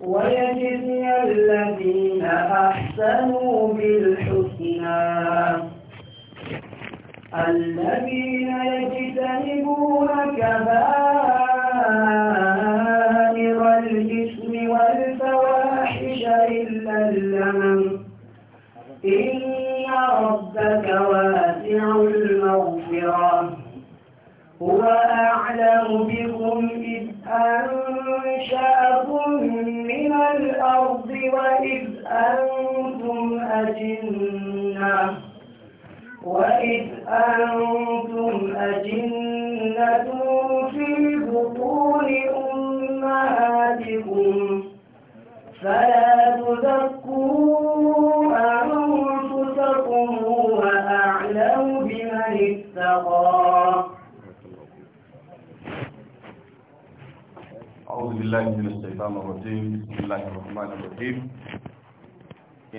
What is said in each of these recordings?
ويجزي الذين أحسنوا بالحسنى الذين يجتنبون كبائر الإثم والفواحش إلا اللمم إن ربك واسع المغفرة هو أعلم بكم وإذ أنتم أجنة في بطون أمهاتكم فلا تذكروا أنفسكم وأعلم بمن اتقى أعوذ بالله من الشيطان الرجيم بسم الله الرحمن الرحيم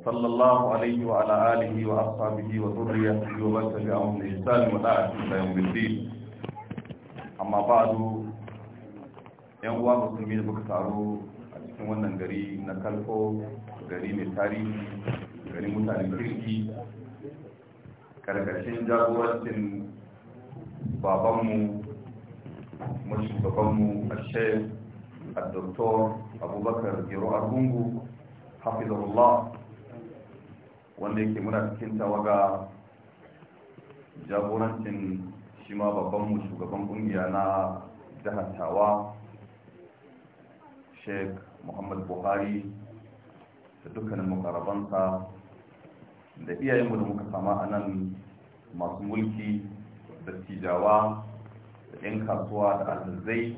صلى الله عليه وعلى آله وأصحابه وذريته ومن تبعهم بإحسان ودعا إلى يوم الدين أما بعد ‘yan uwa musulmi da muka taro a cikin wannan gari na kalko gari mai tarihi gari mutanen kirki karkashin jagorancin babanmu mashugabanmu a shef a doktor abubakar gero argungu hafizahullah wanda yake muna cikin tawaga jagorancin shi ma mu shugaban kungiya na jihar tawa sheikh muhammad buhari da dukkanin makarabansa da iyayenmu da muka sama a nan masu mulki da tijawa da 'yan kasuwa da alhazai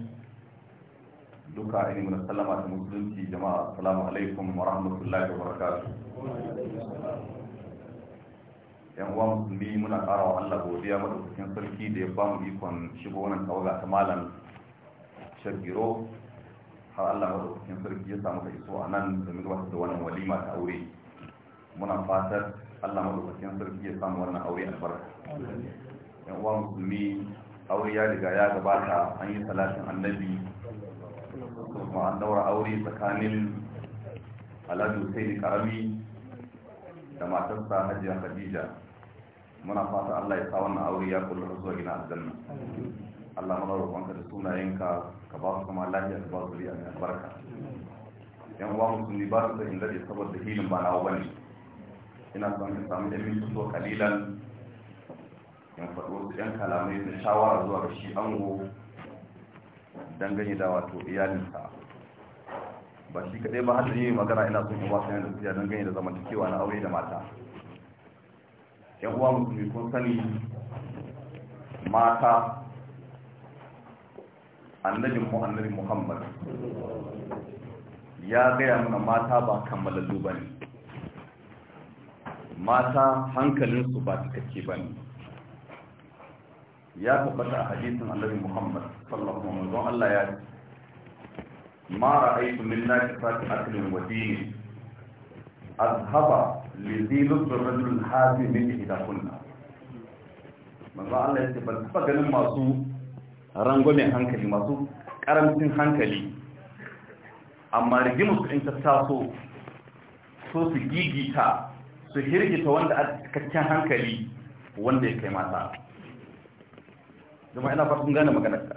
duka ainihin muna sallama da musulunci jama'a Salamu alaikum wa rahmatullahi wa barakatuh yan uwa musulmi muna kara wa Allah godiya madaukakin sarki da ya ba mu ikon shigo wannan tawaga ta malam shagiro har Allah madaukakin sarki ya samu ka iso a nan domin gabatar da wannan walima ta aure muna fatar Allah madaukakin sarki ya samu wannan aure albarka yan uwa musulmi aure ya riga ya gabata an yi salatin annabi kuma daura aure tsakanin alhaji hussein karami da matarsa hajiya khadija muna fata allah ya sa wannan aure ya da zuwa gina aljanna allah mana roƙonka da sunayenka ka ba su kuma lafiya ka ba su riya mai albarka yan uwa musulmi ba su da inda da saboda hilin ba nawa bane ina son ka samu yan mintu kalilan yan faɗo yan kalamai da shawara zuwa ga shi ango dangane da wato iyalinsa ba shi kaɗai ba har da yi magana ina son yawa sanar da su don ganye da cikewa na aure da mata yan uwa musulmi kun sani mata annabin mu muhammad ya gaya mana mata ba kammalallu ba ne mata hankalinsu ba cikakke ba ne ya tabbata a hadisin annabin muhammad sallallahu alaihi wasallam Allah ya Mara ما رأيت من waje أكل ودين أذهب لذي لطف الرجل الحازم من إذا كنا manzo Allah ya ce ban taba ganin masu rangwamen hankali masu karamcin hankali amma rigimus in ta taso so su gigita su hirgita wanda a cikakken hankali wanda ya kai mata zama ina fasin gane maganarka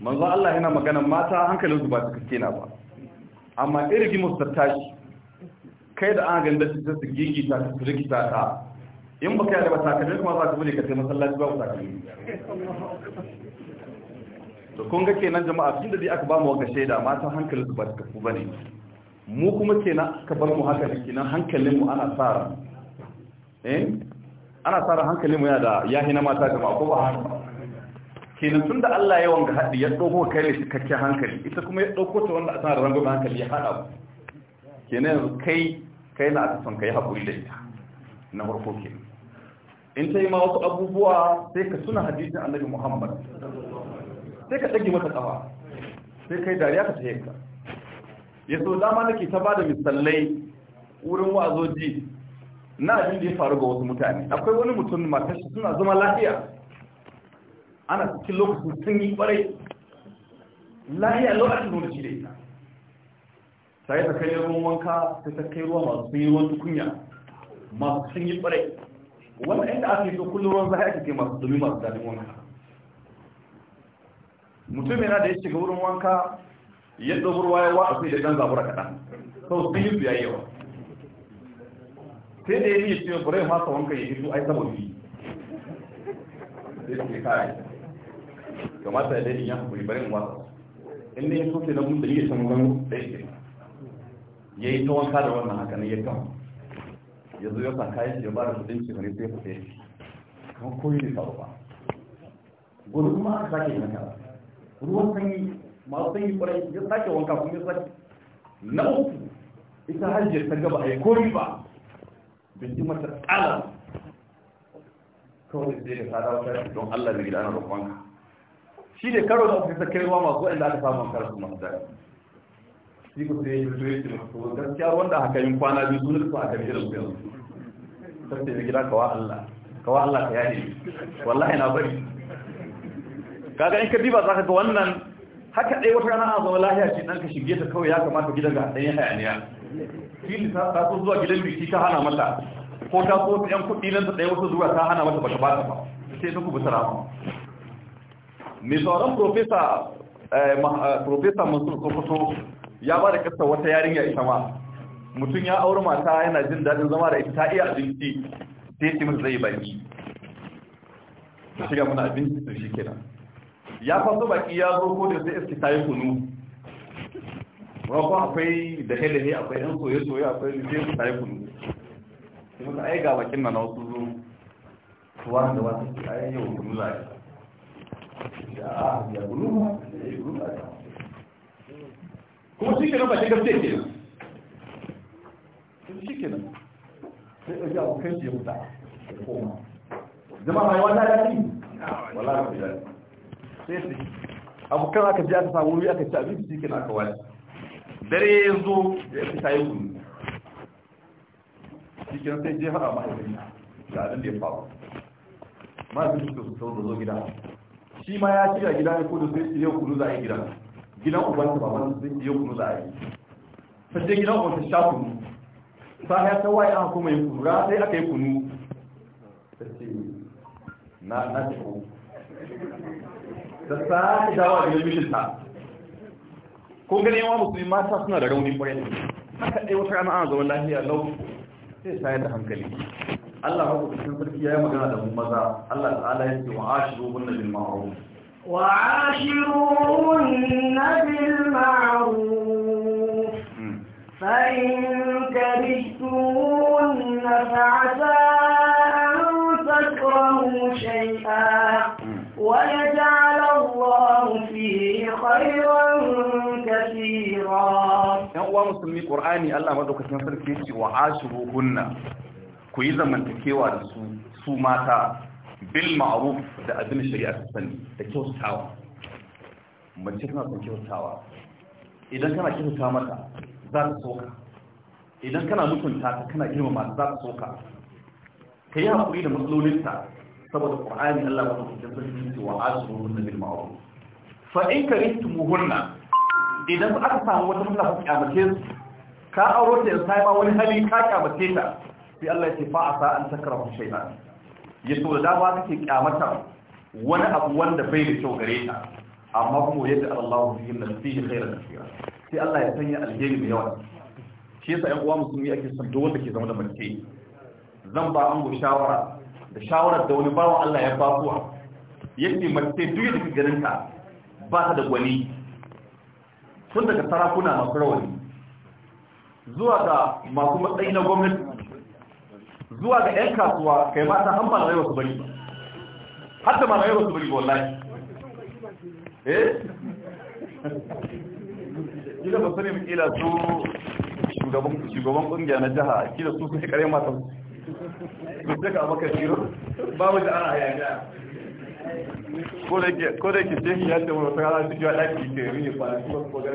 manzo Allah yana magana mata hankalin su ba su kake na ba amma irgi ta tashi, kai da an ganda su su gigi ta su riki ta ta in baka yarda ba takalmi kuma za ka bude ka sai masallaci ba ku takalmi to kun ga kenan jama'a tun da dai aka ba mu wanga shaida mata hankalin su ba su kafu bane mu kuma kenan ka bar mu haka kenan hankalin mu ana tsara eh ana tsara hankalin mu yana da yahi na mata jama'a ko ba haka kenan tun da Allah ya wanga haɗi ya ɗauko kai ne cikakken hankali ita kuma ya ɗauko ta wanda a tana da rangon hankali ya haɗa ku kenan yanzu kai kai na asusun kai haƙuri da ita na farko ke in ta yi ma wasu abubuwa sai ka suna hadisin annabi muhammad sai ka ɗage mata ƙafa sai kai dariya ka ta ka ya so dama nake ta bada da misalai wurin wa'azoji na abin da ya faru ga wasu mutane akwai wani mutum matashi suna zama lafiya ana cikin lokacin sanyi kwarai lahiya lokacin lokaci da ita Ta ta kai ruwan wanka sai ta kai ruwa masu yi ruwan tukunya masu yi kwarai wanda inda aka yi to kullum ruwan a yi kake masu domin masu dalin wanka mutum yana da ya shiga wurin wanka ya ɗaukar waya wa a sai da ɗan zabura kaɗan sau sun yi su yayi yawa sai da ya yi ce bari masa wanka ya hito ai saboda yi sai da ya kare kamata ya daidin ya hakuri barin wasa in ne so ke nan mun da yake san wani da yake yayi ta wanka da wannan haka ne ya kama zo ya sa kayan ya ba da kudin ce kare sai fita kan koyi ne sabo ba gudu kuma aka sake yi naka ruwan sanyi masu sanyi kwarai ya sake wanka kuma ya sake na uku ita hajjiyar ta gaba a yi kori ba bin ji mata tsala kawai sai da ta dawo ta don Allah da gidanar na roƙonka shi ne karo da ofisa ruwa masu wa'anda aka samu karatu masu daɗi shi ku sai ya zoye ce masu gaskiya wanda haka yin kwana biyu sun rufe a kan irin ku sun sai da gida kawa Allah kawa Allah ka yaye wallahi na bari kaga in ka diba ka ga wannan haka ɗaya wata rana a zama lahiya ce nan ka shige ta kawai ya kamata gidan ga ya hayaniya fili ta so zuwa gidan biki ta hana mata ko ta so yan kuɗi nan ta ɗaya wata zuwa ta hana mata ba ta ba sai ta kubuta rama mai sauran profesa eh, eh, profesa masu kofoto ya ba da kasta wata yarinya ita ma mutum ya auri mata yana jin daɗin zama da ita ta iya abinci sai timin mata zai baki shiga muna abinci su shi kenan ya faso baki ya zo ko da sai iski ta yi kunu rako akwai da hele akwai yan soye-soye akwai da su ta yi kunu sai ai ga bakin na na wasu zo kuwa da wasu ai yau kunu za a ya guluma ya guluma kuma shi kenan ba shi gaske kenan shi kenan sai ɗauki abokan shi ya fita ya koma zama rayuwa ta daɗi wala ta daɗi sai su abokan aka ji aka samu wuri aka ci abinci shi kenan aka wani dare ya zo ya fita ya gudu shi kenan sai je haɗa mahaifin da abin da ya faru mahaifin su ka su sau da zo gida shi ma ya shirya gida ya kudu sai ce yau kudu za a yi gidan gidan ubanta baban sai ce yau kudu za a yi sai je gidan ubanta sha kunu sa ya ta waye an kuma yi kunu sai aka yi kunu sai na na ce ko da sa ta dawo a gidan ta ko ganin yawa musulmi mata suna da rauni kwarai haka dai wata rana ana zaman lafiya lau sai shayar da hankali Allah cikin sarki ya yi magana da mu maza Allah ta'ala ya ce wa ashiru bin nabil ma'ruf وعاشرون بالمعروف فإن كرهتون فعسى أن تكرهوا شيئا ويجعل الله فيه خيرا كثيرا uwa musulmi ƙorani Allah maɗaukacin sarki ce wa ashiru ku yi zamantakewa da su mata bil da abin shari'a ta sani da kyautawa mace tana son kyautawa idan kana kyauta mata za ta soka idan kana mutunta ta kana girmama za ta soka ka yi haƙuri da matsalolinta saboda ƙur'ani Allah ba su da sarki ce wa asiru na bil ma'ruf fa in karihtumuhunna idan aka samu wata matsala ku kyamace su ka auro ta in sai ma wani hali ka kyamace ta sai Allah ya ce fa asa an takrahu shay'an ya so da dama suke kyamata wani abu wanda bai da kyau gare ta amma kuma yadda Allah ya yi nasihi khairan kafira sai Allah ya sanya alheri mai yawa shi yasa ƴan uwa musulmi ake son duk wanda ke zama da mace zan ba ango shawara da shawarar da wani bawa Allah ya ba kuwa yake mace duk da kake ganin ka ba ta da gwani tun daga sarakuna masu rawani zuwa ga masu matsayi na gwamnati zuwa ga 'yan kasuwa kai ba ta hamba na wasu bari ba hatta ma na malamai su bari ba wallahi eh gida ba sani mukila su shugaban shugaban kungiya na jiha gida su kusa kare mata su ka maka shiro mu da ana hayaniya ko da ke ko da ke sai ya ce wata rana su ji ɗaki ke rini kwanaki ba su ko ba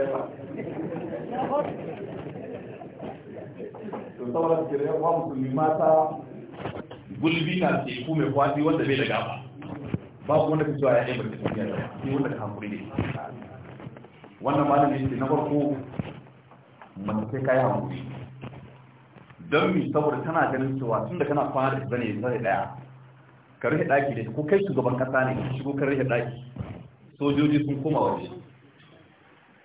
to sauran ke da yawa musulmi mata gulbi na teku mai kwasi, wanda bai da gaba babu wanda ka cewa ya ɗaya mace tafiya da shi wanda ka hankuri ne wannan malami ce na farko mace sai kayan hankuri don mi saboda tana ganin cewa tun da kana kwana da zane zane daya ka rufe daki da ko kai shugaban kasa ne ka shigo ka rufe daki sojoji sun koma waje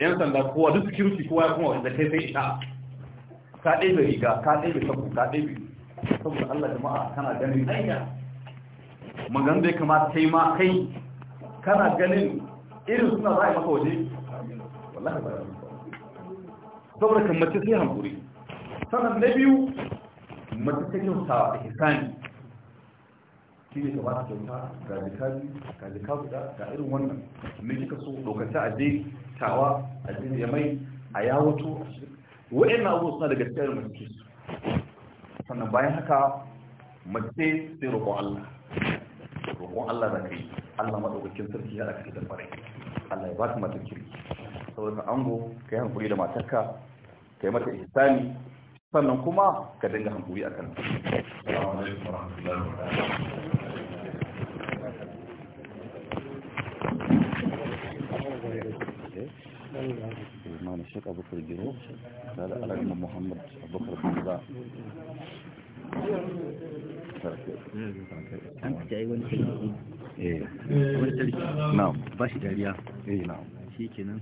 yan sanda kowa duk security kowa ya koma waje da kai sai ita ka ɗebe riga ka ɗebe sabu ka ɗebe saboda Allah jama'a kana ganin ainiya magan da ya kamata kai ma kai kana ganin irin suna za a yi maka waje wallahi ba saboda kan mace sai hankuri sannan na biyu mace ta kyauta da hisani shi ne ta kyauta ga jikazi ga jika guda ga irin wannan me kika so lokaci a je tawa a je yamai a yawato a wa'in na abubuwa suna daga cikin mace su sannan bayan haka mace sai roƙon Allah roƙon Allah da kai Allah maɗaukakin sarki ya ɗaka da farai Allah ya ba ka matar kirki saboda ango ka yi hankuri da matarka ka yi mata ihsani sannan kuma ka dinga hankuri a kan. Assalamu alaikum abubakar gero tare da alaƙa muhammad abubakar banza an fita yi wani